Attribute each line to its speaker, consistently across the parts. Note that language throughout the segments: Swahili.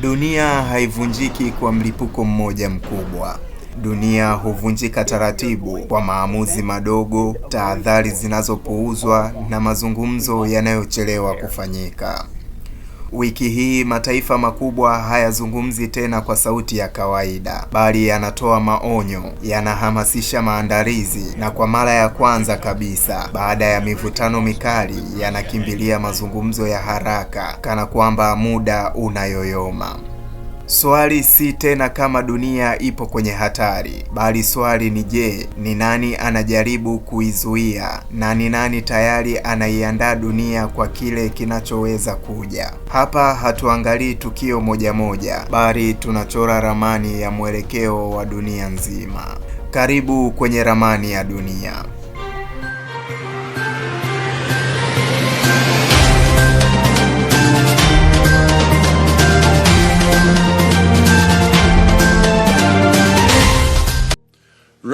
Speaker 1: Dunia haivunjiki kwa mlipuko mmoja mkubwa. Dunia huvunjika taratibu kwa maamuzi madogo, tahadhari zinazopuuzwa na mazungumzo yanayochelewa kufanyika. Wiki hii mataifa makubwa hayazungumzi tena kwa sauti ya kawaida, bali yanatoa maonyo, yanahamasisha maandalizi, na kwa mara ya kwanza kabisa baada ya mivutano mikali yanakimbilia mazungumzo ya haraka, kana kwamba muda unayoyoma. Swali si tena kama dunia ipo kwenye hatari, bali swali ni je, ni nani anajaribu kuizuia na ni nani tayari anaiandaa dunia kwa kile kinachoweza kuja. Hapa hatuangalii tukio moja moja, bali tunachora ramani ya mwelekeo wa dunia nzima. Karibu kwenye ramani ya dunia.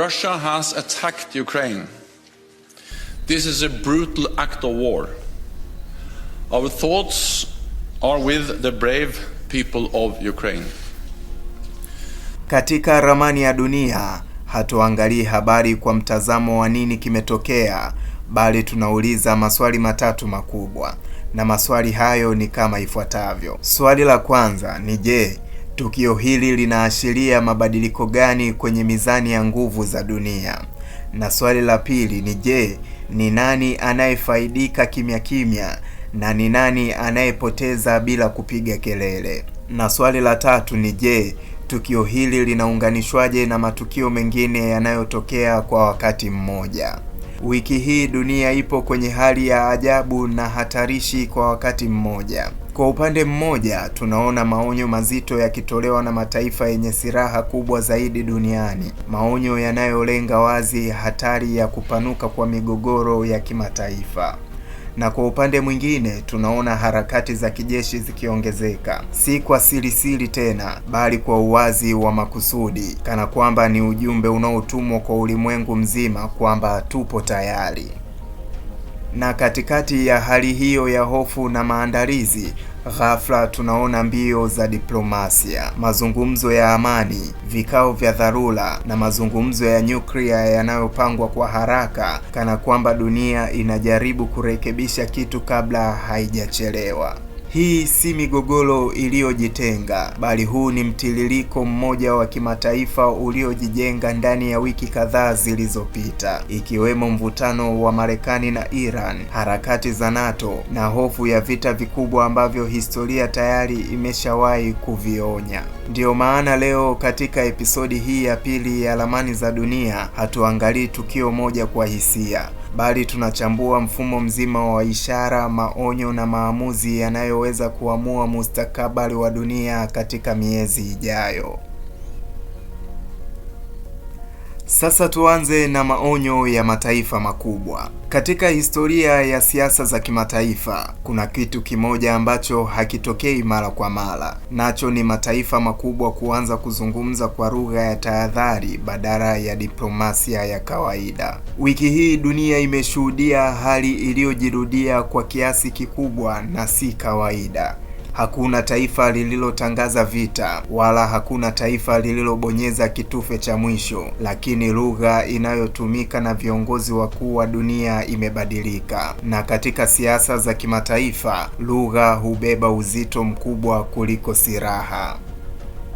Speaker 2: Russia has attacked Ukraine. This is a brutal act of war. Our thoughts are with the brave people of Ukraine.
Speaker 1: Katika ramani ya dunia hatuangalii habari kwa mtazamo wa nini kimetokea, bali tunauliza maswali matatu makubwa, na maswali hayo ni kama ifuatavyo. Swali la kwanza ni je, Tukio hili linaashiria mabadiliko gani kwenye mizani ya nguvu za dunia? Na swali la pili ni je, ni nani anayefaidika kimya kimya na ni nani anayepoteza bila kupiga kelele? Na swali la tatu ni je, tukio hili linaunganishwaje na matukio mengine yanayotokea kwa wakati mmoja? Wiki hii dunia ipo kwenye hali ya ajabu na hatarishi kwa wakati mmoja. Kwa upande mmoja, tunaona maonyo mazito yakitolewa na mataifa yenye silaha kubwa zaidi duniani, maonyo yanayolenga wazi hatari ya kupanuka kwa migogoro ya kimataifa na kwa upande mwingine tunaona harakati za kijeshi zikiongezeka, si kwa siri siri tena, bali kwa uwazi wa makusudi, kana kwamba ni ujumbe unaotumwa kwa ulimwengu mzima kwamba tupo tayari. Na katikati ya hali hiyo ya hofu na maandalizi, ghafla tunaona mbio za diplomasia, mazungumzo ya amani, vikao vya dharura na mazungumzo ya nyuklia yanayopangwa kwa haraka, kana kwamba dunia inajaribu kurekebisha kitu kabla haijachelewa. Hii si migogoro iliyojitenga, bali huu ni mtiririko mmoja wa kimataifa uliojijenga ndani ya wiki kadhaa zilizopita, ikiwemo mvutano wa Marekani na Iran, harakati za NATO na hofu ya vita vikubwa ambavyo historia tayari imeshawahi kuvionya. Ndiyo maana leo katika episodi hii ya pili ya Ramani za Dunia hatuangalii tukio moja kwa hisia bali tunachambua mfumo mzima wa ishara, maonyo na maamuzi yanayoweza kuamua mustakabali wa dunia katika miezi ijayo. Sasa tuanze na maonyo ya mataifa makubwa. Katika historia ya siasa za kimataifa, kuna kitu kimoja ambacho hakitokei mara kwa mara, nacho ni mataifa makubwa kuanza kuzungumza kwa lugha ya tahadhari badala ya diplomasia ya kawaida. Wiki hii dunia imeshuhudia hali iliyojirudia kwa kiasi kikubwa na si kawaida. Hakuna taifa lililotangaza vita wala hakuna taifa lililobonyeza kitufe cha mwisho, lakini lugha inayotumika na viongozi wakuu wa dunia imebadilika. Na katika siasa za kimataifa, lugha hubeba uzito mkubwa kuliko silaha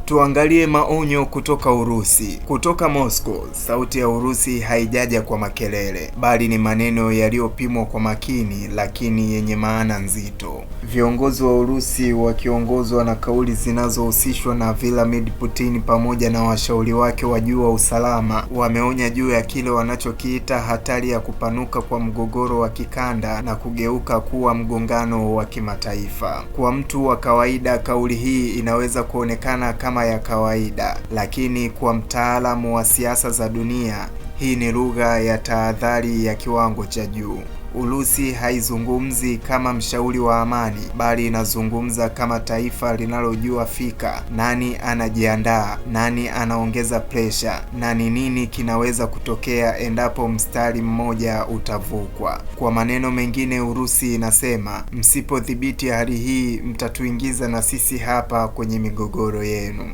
Speaker 1: tuangalie maonyo kutoka Urusi. Kutoka Moscow, sauti ya Urusi haijaja kwa makelele, bali ni maneno yaliyopimwa kwa makini, lakini yenye maana nzito. Viongozi wa Urusi wakiongozwa na kauli zinazohusishwa na Vladimir Putin pamoja na washauri wake wa juu wa usalama wameonya juu ya kile wanachokiita hatari ya kupanuka kwa mgogoro wa kikanda na kugeuka kuwa mgongano wa kimataifa. Kwa mtu wa kawaida, kauli hii inaweza kuonekana kama kama ya kawaida, lakini kwa mtaalamu wa siasa za dunia hii ni lugha ya tahadhari ya kiwango cha juu. Urusi haizungumzi kama mshauri wa amani, bali inazungumza kama taifa linalojua fika nani anajiandaa, nani anaongeza presha na ni nini kinaweza kutokea endapo mstari mmoja utavukwa. Kwa maneno mengine, Urusi inasema msipodhibiti hali hii, mtatuingiza na sisi hapa kwenye migogoro yenu.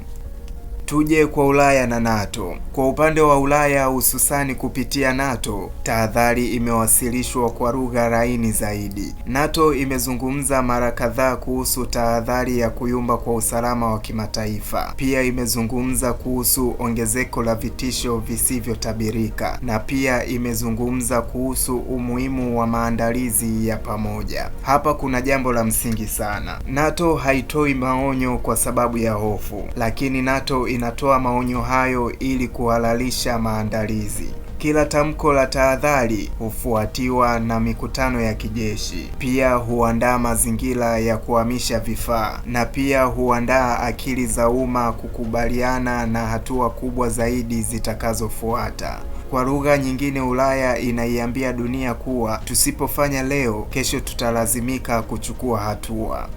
Speaker 1: Tuje kwa Ulaya na NATO. Kwa upande wa Ulaya, hususani kupitia NATO, tahadhari imewasilishwa kwa lugha laini zaidi. NATO imezungumza mara kadhaa kuhusu tahadhari ya kuyumba kwa usalama wa kimataifa. Pia imezungumza kuhusu ongezeko la vitisho visivyotabirika na pia imezungumza kuhusu umuhimu wa maandalizi ya pamoja. Hapa kuna jambo la msingi sana. NATO haitoi maonyo kwa sababu ya hofu, lakini NATO inatoa maonyo hayo ili kuhalalisha maandalizi. Kila tamko la tahadhari hufuatiwa na mikutano ya kijeshi. Pia huandaa mazingira ya kuhamisha vifaa na pia huandaa akili za umma kukubaliana na hatua kubwa zaidi zitakazofuata. Kwa lugha nyingine, Ulaya inaiambia dunia kuwa tusipofanya leo, kesho tutalazimika kuchukua hatua.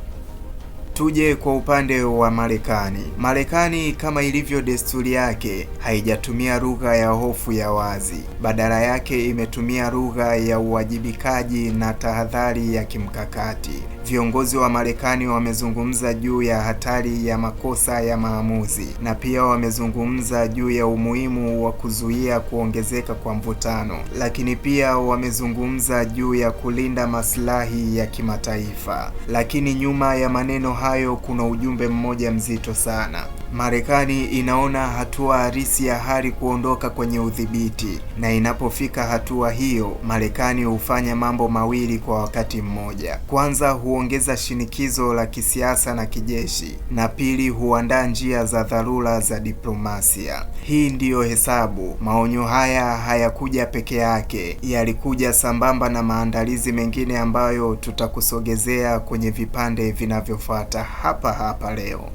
Speaker 1: Tuje kwa upande wa Marekani. Marekani kama ilivyo desturi yake haijatumia lugha ya hofu ya wazi, badala yake imetumia lugha ya uwajibikaji na tahadhari ya kimkakati. Viongozi wa Marekani wamezungumza juu ya hatari ya makosa ya maamuzi na pia wamezungumza juu ya umuhimu wa kuzuia kuongezeka kwa mvutano, lakini pia wamezungumza juu ya kulinda maslahi ya kimataifa. Lakini nyuma ya maneno hayo kuna ujumbe mmoja mzito sana. Marekani inaona hatua halisi ya hari kuondoka kwenye udhibiti, na inapofika hatua hiyo, Marekani hufanya mambo mawili kwa wakati mmoja. Kwanza, huongeza shinikizo la kisiasa na kijeshi, na pili, huandaa njia za dharura za diplomasia. Hii ndiyo hesabu. Maonyo haya hayakuja peke yake, yalikuja sambamba na maandalizi mengine ambayo tutakusogezea kwenye vipande vinavyofuata hapa hapa leo.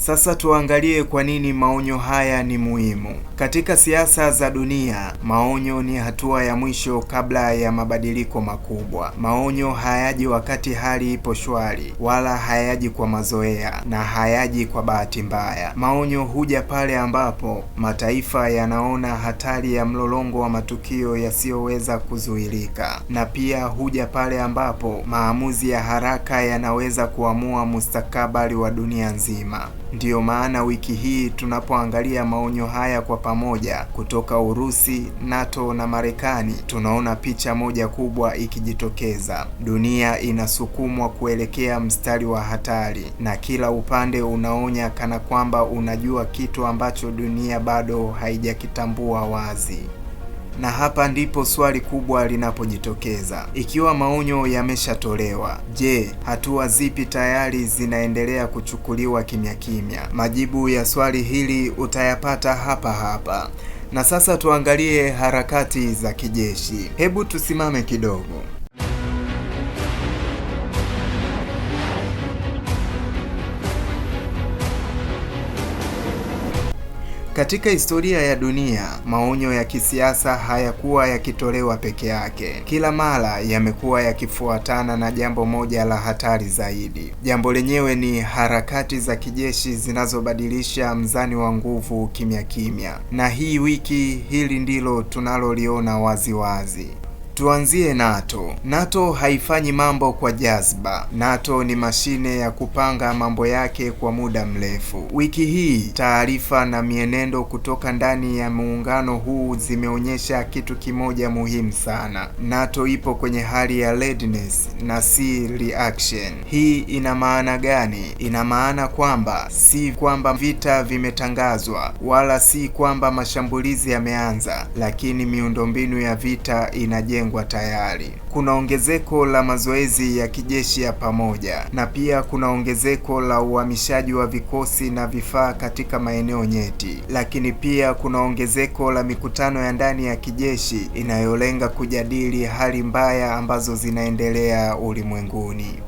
Speaker 1: Sasa tuangalie kwa nini maonyo haya ni muhimu. Katika siasa za dunia, maonyo ni hatua ya mwisho kabla ya mabadiliko makubwa. Maonyo hayaji wakati hali ipo shwari, wala hayaji kwa mazoea na hayaji kwa bahati mbaya. Maonyo huja pale ambapo mataifa yanaona hatari ya mlolongo wa matukio yasiyoweza kuzuilika, na pia huja pale ambapo maamuzi ya haraka yanaweza kuamua mustakabali wa dunia nzima. Ndiyo maana wiki hii tunapoangalia maonyo haya kwa pamoja kutoka Urusi, NATO na Marekani, tunaona picha moja kubwa ikijitokeza. Dunia inasukumwa kuelekea mstari wa hatari, na kila upande unaonya kana kwamba unajua kitu ambacho dunia bado haijakitambua wazi na hapa ndipo swali kubwa linapojitokeza. Ikiwa maonyo yameshatolewa, je, hatua zipi tayari zinaendelea kuchukuliwa kimya kimya? Majibu ya swali hili utayapata hapa hapa. Na sasa tuangalie harakati za kijeshi. Hebu tusimame kidogo. Katika historia ya dunia, maonyo ya kisiasa hayakuwa yakitolewa peke yake. Kila mara yamekuwa yakifuatana na jambo moja la hatari zaidi. Jambo lenyewe ni harakati za kijeshi zinazobadilisha mzani wa nguvu kimya kimya, na hii wiki hili ndilo tunaloliona waziwazi. Tuanzie NATO. NATO haifanyi mambo kwa jazba. NATO ni mashine ya kupanga mambo yake kwa muda mrefu. Wiki hii taarifa na mienendo kutoka ndani ya muungano huu zimeonyesha kitu kimoja muhimu sana. NATO ipo kwenye hali ya readiness na si reaction. Hii ina maana gani? Ina maana kwamba si kwamba vita vimetangazwa wala si kwamba mashambulizi yameanza, lakini miundombinu ya vita inajengwa yamepangwa tayari. Kuna ongezeko la mazoezi ya kijeshi ya pamoja na pia kuna ongezeko la uhamishaji wa vikosi na vifaa katika maeneo nyeti, lakini pia kuna ongezeko la mikutano ya ndani ya kijeshi inayolenga kujadili hali mbaya ambazo zinaendelea ulimwenguni.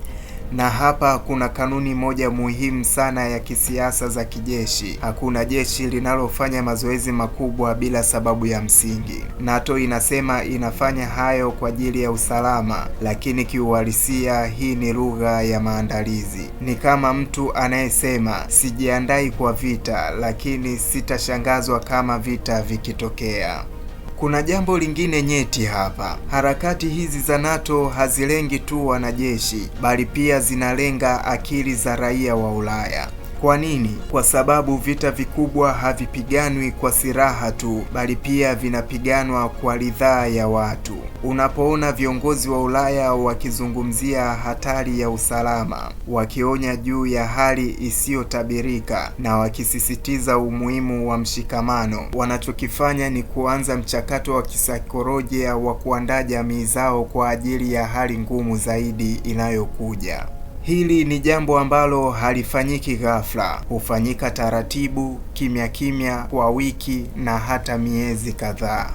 Speaker 1: Na hapa kuna kanuni moja muhimu sana ya kisiasa za kijeshi: hakuna jeshi linalofanya mazoezi makubwa bila sababu ya msingi. NATO inasema inafanya hayo kwa ajili ya usalama, lakini kiuhalisia hii ni lugha ya maandalizi. Ni kama mtu anayesema sijiandai kwa vita, lakini sitashangazwa kama vita vikitokea. Kuna jambo lingine nyeti hapa. Harakati hizi za NATO hazilengi tu wanajeshi, bali pia zinalenga akili za raia wa Ulaya. Kwa nini? Kwa sababu vita vikubwa havipiganwi kwa silaha tu, bali pia vinapiganwa kwa ridhaa ya watu. Unapoona viongozi wa Ulaya wakizungumzia hatari ya usalama, wakionya juu ya hali isiyotabirika na wakisisitiza umuhimu wa mshikamano, wanachokifanya ni kuanza mchakato wa kisaikolojia wa kuandaa jamii zao kwa ajili ya hali ngumu zaidi inayokuja. Hili ni jambo ambalo halifanyiki ghafla, hufanyika taratibu, kimya kimya, kwa wiki na hata miezi kadhaa.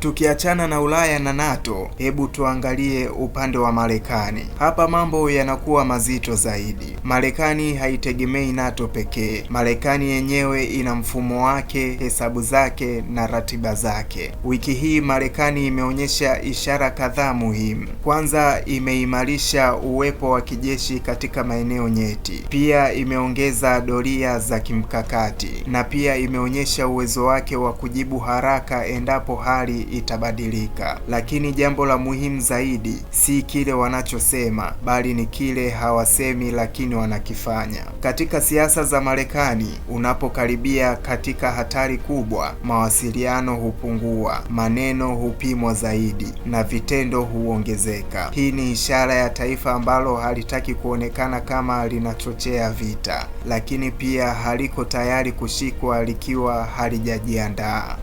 Speaker 1: Tukiachana na Ulaya na NATO, hebu tuangalie upande wa Marekani. Hapa mambo yanakuwa mazito zaidi. Marekani haitegemei NATO pekee. Marekani yenyewe ina mfumo wake, hesabu zake na ratiba zake. Wiki hii Marekani imeonyesha ishara kadhaa muhimu. Kwanza, imeimarisha uwepo wa kijeshi katika maeneo nyeti. Pia imeongeza doria za kimkakati na pia imeonyesha uwezo wake wa kujibu haraka endapo hali itabadilika, lakini jambo la muhimu zaidi si kile wanachosema, bali ni kile hawasemi lakini wanakifanya. Katika siasa za Marekani, unapokaribia katika hatari kubwa, mawasiliano hupungua, maneno hupimwa zaidi na vitendo huongezeka. Hii ni ishara ya taifa ambalo halitaki kuonekana kama linachochea vita, lakini pia haliko tayari kushikwa likiwa halijajiandaa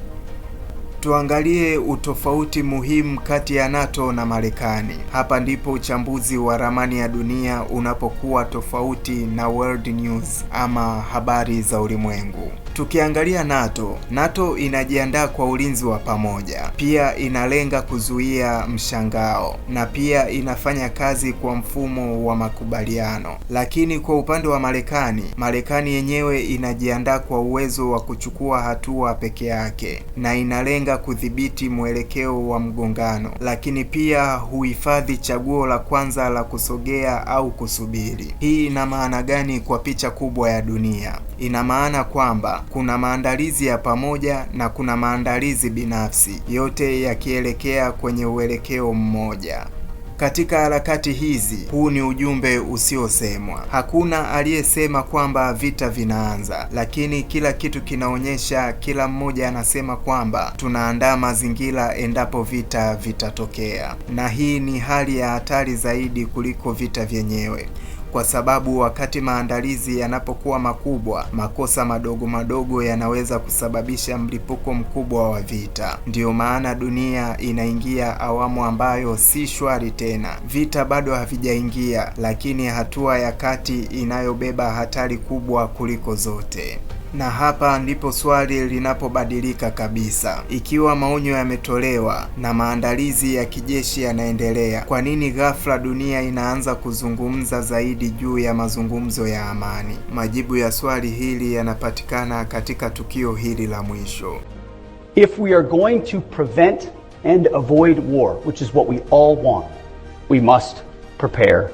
Speaker 1: tuangalie utofauti muhimu kati ya NATO na Marekani. Hapa ndipo uchambuzi wa ramani ya dunia unapokuwa tofauti na world news ama habari za ulimwengu. Tukiangalia NATO, NATO inajiandaa kwa ulinzi wa pamoja, pia inalenga kuzuia mshangao na pia inafanya kazi kwa mfumo wa makubaliano. Lakini kwa upande wa Marekani, Marekani yenyewe inajiandaa kwa uwezo wa kuchukua hatua peke yake na inalenga kudhibiti mwelekeo wa mgongano, lakini pia huhifadhi chaguo la kwanza la kusogea au kusubiri. Hii ina maana gani kwa picha kubwa ya dunia? ina maana kwamba kuna maandalizi ya pamoja na kuna maandalizi binafsi, yote yakielekea kwenye uelekeo mmoja. Katika harakati hizi, huu ni ujumbe usiosemwa. Hakuna aliyesema kwamba vita vinaanza, lakini kila kitu kinaonyesha, kila mmoja anasema kwamba tunaandaa mazingira endapo vita vitatokea, na hii ni hali ya hatari zaidi kuliko vita vyenyewe kwa sababu wakati maandalizi yanapokuwa makubwa, makosa madogo madogo yanaweza kusababisha mlipuko mkubwa wa vita. Ndiyo maana dunia inaingia awamu ambayo si shwari tena. Vita bado havijaingia, lakini hatua ya kati inayobeba hatari kubwa kuliko zote na hapa ndipo swali linapobadilika kabisa. Ikiwa maonyo yametolewa na maandalizi ya kijeshi yanaendelea, kwa nini ghafla dunia inaanza kuzungumza zaidi juu ya mazungumzo ya amani? Majibu ya swali hili yanapatikana katika tukio hili la mwisho.
Speaker 3: If we are going to prevent and avoid war, which is what we all want, we must prepare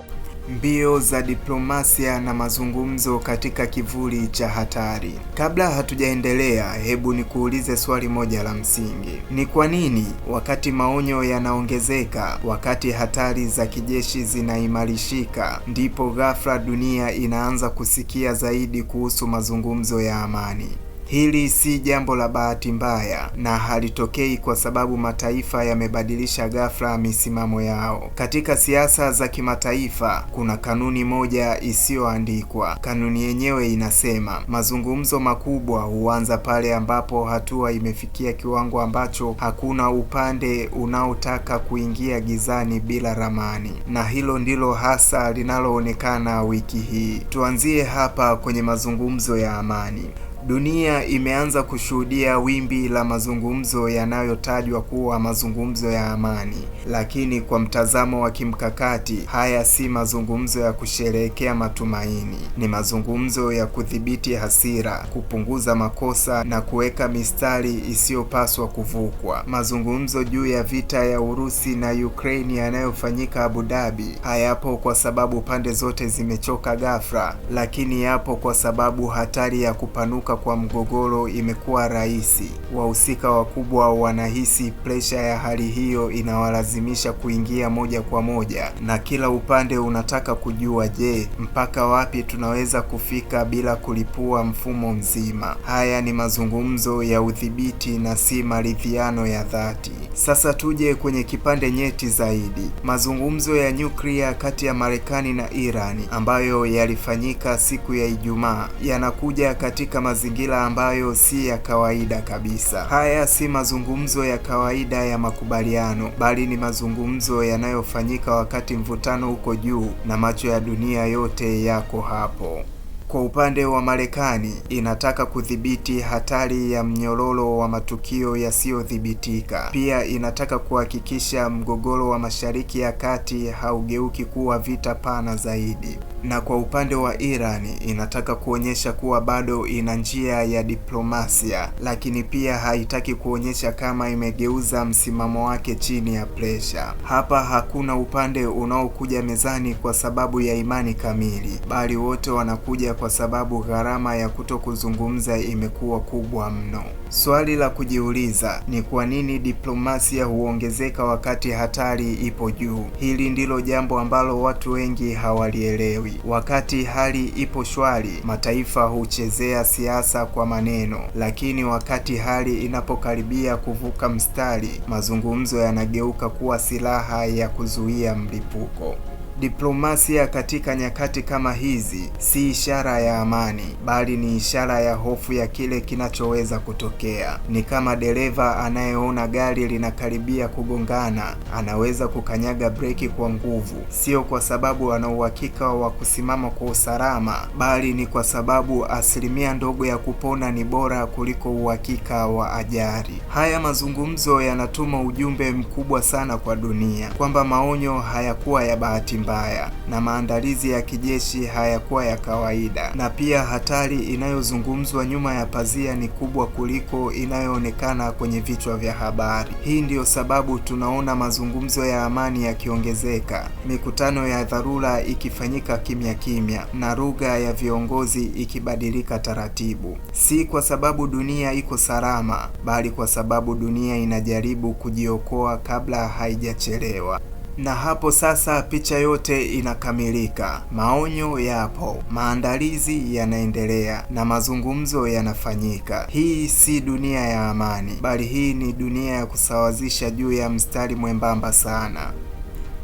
Speaker 1: Mbio za diplomasia na mazungumzo katika kivuli cha hatari. Kabla hatujaendelea, hebu nikuulize swali moja la msingi. Ni kwa nini wakati maonyo yanaongezeka, wakati hatari za kijeshi zinaimarishika, ndipo ghafla dunia inaanza kusikia zaidi kuhusu mazungumzo ya amani? Hili si jambo la bahati mbaya na halitokei kwa sababu mataifa yamebadilisha ghafla misimamo yao. Katika siasa za kimataifa kuna kanuni moja isiyoandikwa. Kanuni yenyewe inasema mazungumzo makubwa huanza pale ambapo hatua imefikia kiwango ambacho hakuna upande unaotaka kuingia gizani bila ramani, na hilo ndilo hasa linaloonekana wiki hii. Tuanzie hapa kwenye mazungumzo ya amani. Dunia imeanza kushuhudia wimbi la mazungumzo yanayotajwa kuwa mazungumzo ya amani, lakini kwa mtazamo wa kimkakati, haya si mazungumzo ya kusherehekea matumaini. Ni mazungumzo ya kudhibiti hasira, kupunguza makosa na kuweka mistari isiyopaswa kuvukwa. Mazungumzo juu ya vita ya Urusi na Ukraine yanayofanyika Abu Dhabi hayapo kwa sababu pande zote zimechoka ghafla, lakini yapo kwa sababu hatari ya kupanuka kuibuka kwa mgogoro imekuwa rahisi. Wahusika wakubwa wanahisi presha ya hali hiyo inawalazimisha kuingia moja kwa moja, na kila upande unataka kujua, je, mpaka wapi tunaweza kufika bila kulipua mfumo mzima? Haya ni mazungumzo ya udhibiti na si maridhiano ya dhati. Sasa tuje kwenye kipande nyeti zaidi, mazungumzo ya nyuklia kati ya Marekani na Irani ambayo yalifanyika siku ya Ijumaa yanakuja katika maz mazingira ambayo si ya kawaida kabisa. Haya si mazungumzo ya kawaida ya makubaliano, bali ni mazungumzo yanayofanyika wakati mvutano uko juu na macho ya dunia yote yako hapo. Kwa upande wa Marekani inataka kudhibiti hatari ya mnyororo wa matukio yasiyodhibitika. Pia inataka kuhakikisha mgogoro wa Mashariki ya Kati haugeuki kuwa vita pana zaidi na kwa upande wa Iran inataka kuonyesha kuwa bado ina njia ya diplomasia, lakini pia haitaki kuonyesha kama imegeuza msimamo wake chini ya presha. Hapa hakuna upande unaokuja mezani kwa sababu ya imani kamili, bali wote wanakuja kwa sababu gharama ya kuto kuzungumza imekuwa kubwa mno. Swali la kujiuliza ni kwa nini diplomasia huongezeka wakati hatari ipo juu? Hili ndilo jambo ambalo watu wengi hawalielewi mazuri. Wakati hali ipo shwari, mataifa huchezea siasa kwa maneno, lakini wakati hali inapokaribia kuvuka mstari, mazungumzo yanageuka kuwa silaha ya kuzuia mlipuko. Diplomasia katika nyakati kama hizi si ishara ya amani, bali ni ishara ya hofu ya kile kinachoweza kutokea. Ni kama dereva anayeona gari linakaribia kugongana, anaweza kukanyaga breki kwa nguvu, sio kwa sababu ana uhakika wa kusimama kwa usalama, bali ni kwa sababu asilimia ndogo ya kupona ni bora kuliko uhakika wa ajali. Haya mazungumzo yanatuma ujumbe mkubwa sana kwa dunia kwamba maonyo hayakuwa ya bahati mbaya vibaya na maandalizi ya kijeshi hayakuwa ya kawaida, na pia hatari inayozungumzwa nyuma ya pazia ni kubwa kuliko inayoonekana kwenye vichwa vya habari. Hii ndiyo sababu tunaona mazungumzo ya amani yakiongezeka, mikutano ya dharura ikifanyika kimya kimya, na lugha ya viongozi ikibadilika taratibu, si kwa sababu dunia iko salama, bali kwa sababu dunia inajaribu kujiokoa kabla haijachelewa na hapo sasa picha yote inakamilika. Maonyo yapo, maandalizi yanaendelea na mazungumzo yanafanyika. Hii si dunia ya amani, bali hii ni dunia ya kusawazisha juu ya mstari mwembamba sana.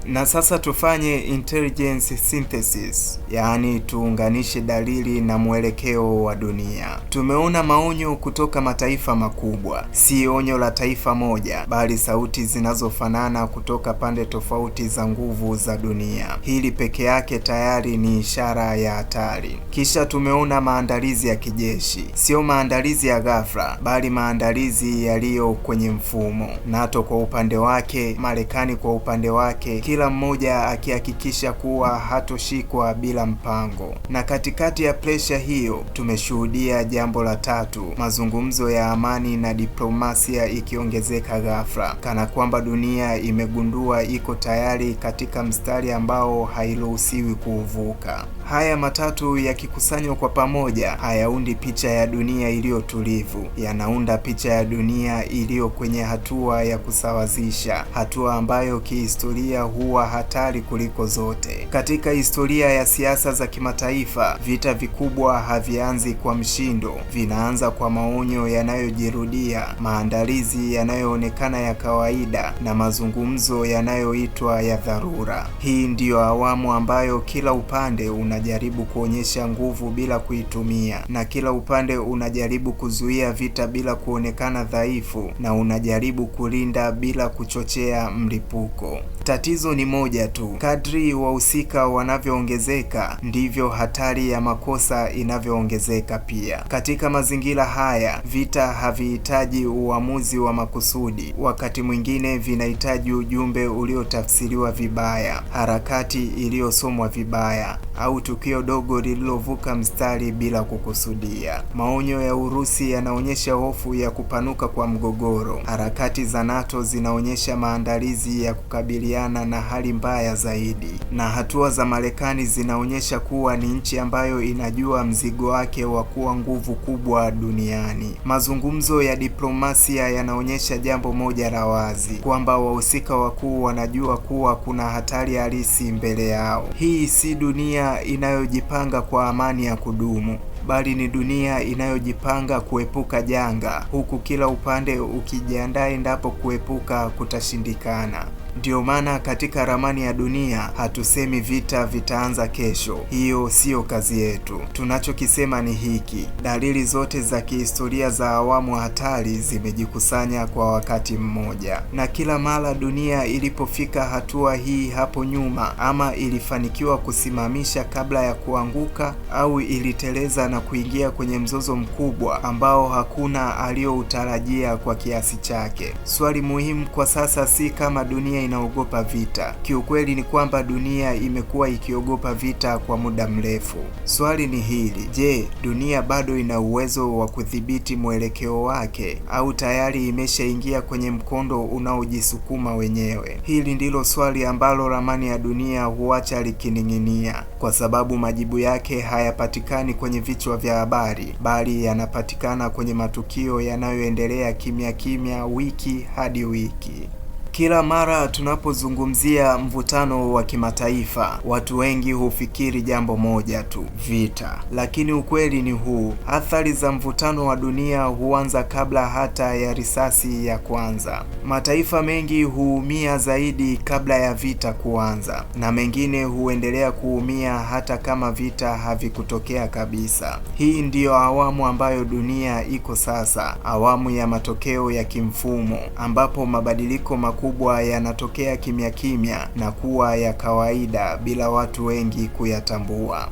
Speaker 1: Na sasa tufanye intelligence synthesis, yaani tuunganishe dalili na mwelekeo wa dunia. Tumeona maonyo kutoka mataifa makubwa, si onyo la taifa moja, bali sauti zinazofanana kutoka pande tofauti za nguvu za dunia. Hili peke yake tayari ni ishara ya hatari. Kisha tumeona maandalizi ya kijeshi, sio maandalizi ya ghafla, bali maandalizi yaliyo kwenye mfumo. NATO kwa upande wake, Marekani kwa upande wake, kila mmoja akihakikisha kuwa hatoshikwa bila mpango. Na katikati ya presha hiyo, tumeshuhudia jambo la tatu, mazungumzo ya amani na diplomasia ikiongezeka ghafla, kana kwamba dunia imegundua iko tayari katika mstari ambao hairuhusiwi kuuvuka. Haya matatu yakikusanywa kwa pamoja hayaundi picha ya dunia iliyo tulivu, yanaunda picha ya dunia iliyo kwenye hatua ya kusawazisha, hatua ambayo kihistoria huwa hatari kuliko zote. Katika historia ya siasa za kimataifa, vita vikubwa havianzi kwa mshindo, vinaanza kwa maonyo yanayojirudia, maandalizi yanayoonekana ya kawaida na mazungumzo yanayoitwa ya dharura. Hii ndiyo awamu ambayo kila upande una unajaribu kuonyesha nguvu bila kuitumia, na kila upande unajaribu kuzuia vita bila kuonekana dhaifu, na unajaribu kulinda bila kuchochea mlipuko. Tatizo ni moja tu, kadri wahusika wanavyoongezeka ndivyo hatari ya makosa inavyoongezeka pia. Katika mazingira haya, vita havihitaji uamuzi wa makusudi, wakati mwingine vinahitaji ujumbe uliotafsiriwa vibaya, harakati iliyosomwa vibaya au tukio dogo lililovuka mstari bila kukusudia. Maonyo ya Urusi yanaonyesha hofu ya kupanuka kwa mgogoro. Harakati za NATO zinaonyesha maandalizi ya kukabiliana na hali mbaya zaidi, na hatua za Marekani zinaonyesha kuwa ni nchi ambayo inajua mzigo wake wa kuwa nguvu kubwa duniani. Mazungumzo ya diplomasia yanaonyesha jambo moja la wazi, kwamba wahusika wakuu wanajua kuwa kuna hatari halisi mbele yao. Hii si dunia inayojipanga kwa amani ya kudumu bali ni dunia inayojipanga kuepuka janga, huku kila upande ukijiandaa endapo kuepuka kutashindikana ndio maana katika ramani ya dunia hatusemi vita vitaanza kesho, hiyo siyo kazi yetu. Tunachokisema ni hiki: dalili zote za kihistoria za awamu hatari zimejikusanya kwa wakati mmoja, na kila mara dunia ilipofika hatua hii hapo nyuma, ama ilifanikiwa kusimamisha kabla ya kuanguka au iliteleza na kuingia kwenye mzozo mkubwa ambao hakuna aliyoutarajia kwa kiasi chake. Swali muhimu kwa sasa si kama dunia inaogopa vita. Kiukweli ni kwamba dunia imekuwa ikiogopa vita kwa muda mrefu. Swali ni hili, je, dunia bado ina uwezo wa kudhibiti mwelekeo wake au tayari imeshaingia kwenye mkondo unaojisukuma wenyewe? Hili ndilo swali ambalo ramani ya dunia huacha likining'inia, kwa sababu majibu yake hayapatikani kwenye vichwa vya habari, bali yanapatikana kwenye matukio yanayoendelea kimya kimya, wiki hadi wiki. Kila mara tunapozungumzia mvutano wa kimataifa, watu wengi hufikiri jambo moja tu, vita. Lakini ukweli ni huu, athari za mvutano wa dunia huanza kabla hata ya risasi ya kwanza. Mataifa mengi huumia zaidi kabla ya vita kuanza, na mengine huendelea kuumia hata kama vita havikutokea kabisa. Hii ndiyo awamu ambayo dunia iko sasa, awamu ya matokeo ya kimfumo, ambapo mabadiliko makubwa makubwa yanatokea kimya kimya na kuwa ya kawaida bila watu wengi kuyatambua.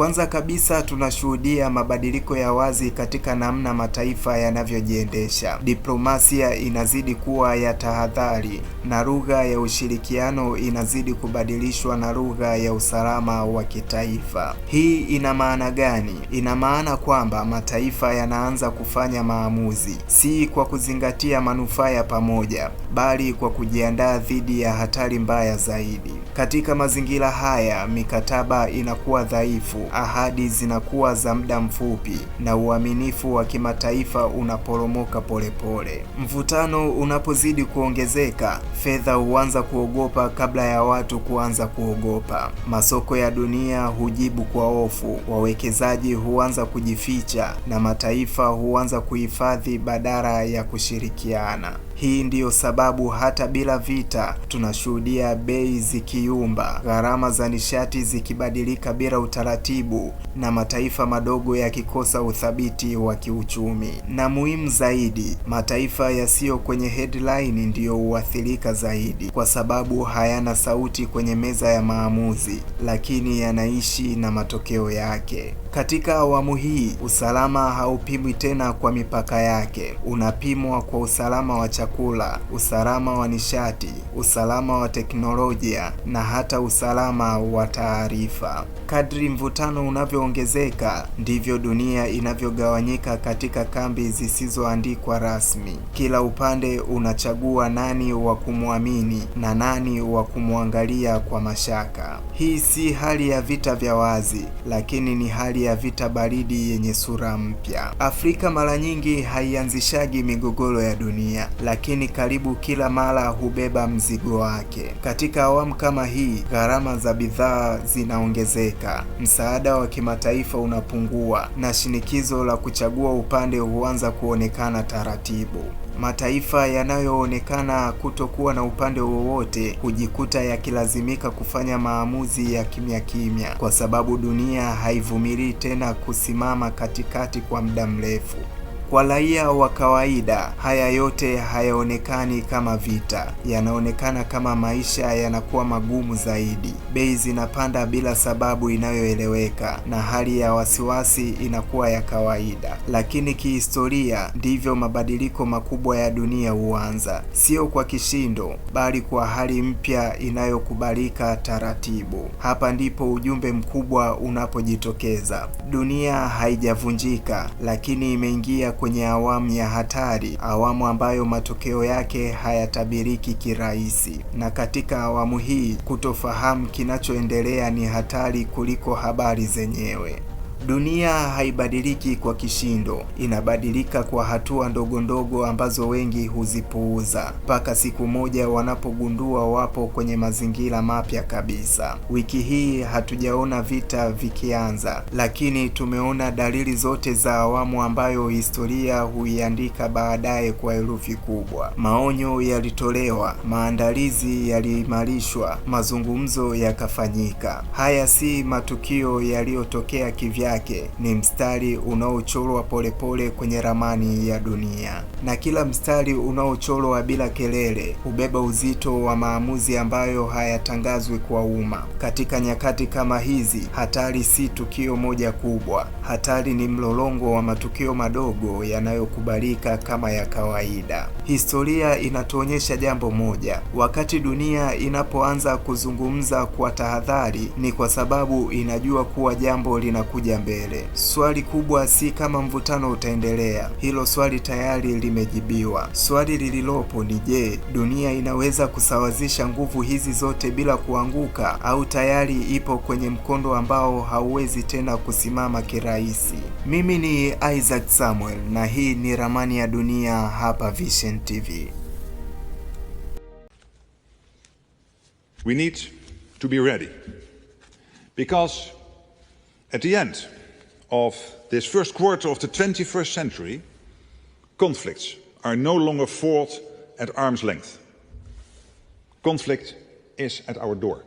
Speaker 1: Kwanza kabisa tunashuhudia mabadiliko ya wazi katika namna mataifa yanavyojiendesha. Diplomasia inazidi kuwa ya tahadhari na lugha ya ushirikiano inazidi kubadilishwa na lugha ya usalama wa kitaifa. Hii ina maana gani? Ina maana kwamba mataifa yanaanza kufanya maamuzi si kwa kuzingatia manufaa ya pamoja, bali kwa kujiandaa dhidi ya hatari mbaya zaidi. Katika mazingira haya, mikataba inakuwa dhaifu ahadi zinakuwa za muda mfupi na uaminifu wa kimataifa unaporomoka polepole. Mvutano unapozidi kuongezeka, fedha huanza kuogopa kabla ya watu kuanza kuogopa. Masoko ya dunia hujibu kwa hofu, wawekezaji huanza kujificha na mataifa huanza kuhifadhi badala ya kushirikiana. Hii ndiyo sababu hata bila vita tunashuhudia bei zikiumba, gharama za nishati zikibadilika bila utaratibu majibu na mataifa madogo yakikosa uthabiti wa kiuchumi. Na muhimu zaidi, mataifa yasiyo kwenye headline ndiyo huathirika zaidi, kwa sababu hayana sauti kwenye meza ya maamuzi, lakini yanaishi na matokeo yake. Katika awamu hii, usalama haupimwi tena kwa mipaka yake, unapimwa kwa usalama wa chakula, usalama wa nishati, usalama wa teknolojia na hata usalama wa taarifa kadri mvutano unavyoongezeka ndivyo dunia inavyogawanyika katika kambi zisizoandikwa rasmi. Kila upande unachagua nani wa kumwamini na nani wa kumwangalia kwa mashaka. Hii si hali ya vita vya wazi, lakini ni hali ya vita baridi yenye sura mpya. Afrika mara nyingi haianzishagi migogoro ya dunia, lakini karibu kila mara hubeba mzigo wake. Katika awamu kama hii, gharama za bidhaa zinaongezeka Afrika, msaada wa kimataifa unapungua na shinikizo la kuchagua upande huanza kuonekana taratibu. Mataifa yanayoonekana kutokuwa na upande wowote hujikuta yakilazimika kufanya maamuzi ya kimya kimya, kwa sababu dunia haivumilii tena kusimama katikati kwa muda mrefu. Kwa raia wa kawaida, haya yote hayaonekani kama vita, yanaonekana kama maisha yanakuwa magumu zaidi, bei zinapanda bila sababu inayoeleweka, na hali ya wasiwasi inakuwa ya kawaida. Lakini kihistoria, ndivyo mabadiliko makubwa ya dunia huanza, sio kwa kishindo, bali kwa hali mpya inayokubalika taratibu. Hapa ndipo ujumbe mkubwa unapojitokeza: dunia haijavunjika, lakini imeingia kwenye awamu ya hatari, awamu ambayo matokeo yake hayatabiriki kirahisi. Na katika awamu hii, kutofahamu kinachoendelea ni hatari kuliko habari zenyewe. Dunia haibadiliki kwa kishindo, inabadilika kwa hatua ndogo ndogo ambazo wengi huzipuuza mpaka siku moja wanapogundua wapo kwenye mazingira mapya kabisa. Wiki hii hatujaona vita vikianza, lakini tumeona dalili zote za awamu ambayo historia huiandika baadaye kwa herufi kubwa. Maonyo yalitolewa, maandalizi yaliimarishwa, mazungumzo yakafanyika. Haya si matukio yaliyotokea kivya yake ni mstari unaochorwa polepole kwenye ramani ya dunia, na kila mstari unaochorwa bila kelele hubeba uzito wa maamuzi ambayo hayatangazwi kwa umma. Katika nyakati kama hizi, hatari si tukio moja kubwa. Hatari ni mlolongo wa matukio madogo yanayokubalika kama ya kawaida. Historia inatuonyesha jambo moja, wakati dunia inapoanza kuzungumza kwa tahadhari, ni kwa sababu inajua kuwa jambo linakuja mbele. Swali kubwa si kama mvutano utaendelea, hilo swali tayari limejibiwa. Swali lililopo ni je, dunia inaweza kusawazisha nguvu hizi zote bila kuanguka, au tayari ipo kwenye mkondo ambao hauwezi tena kusimama kirahisi? Mimi ni Isaac Samuel na hii ni ramani ya dunia hapa Vision
Speaker 2: We need to be ready because at the end of this first quarter of the 21st century, conflicts are no longer fought at arm's length. Conflict is at our door.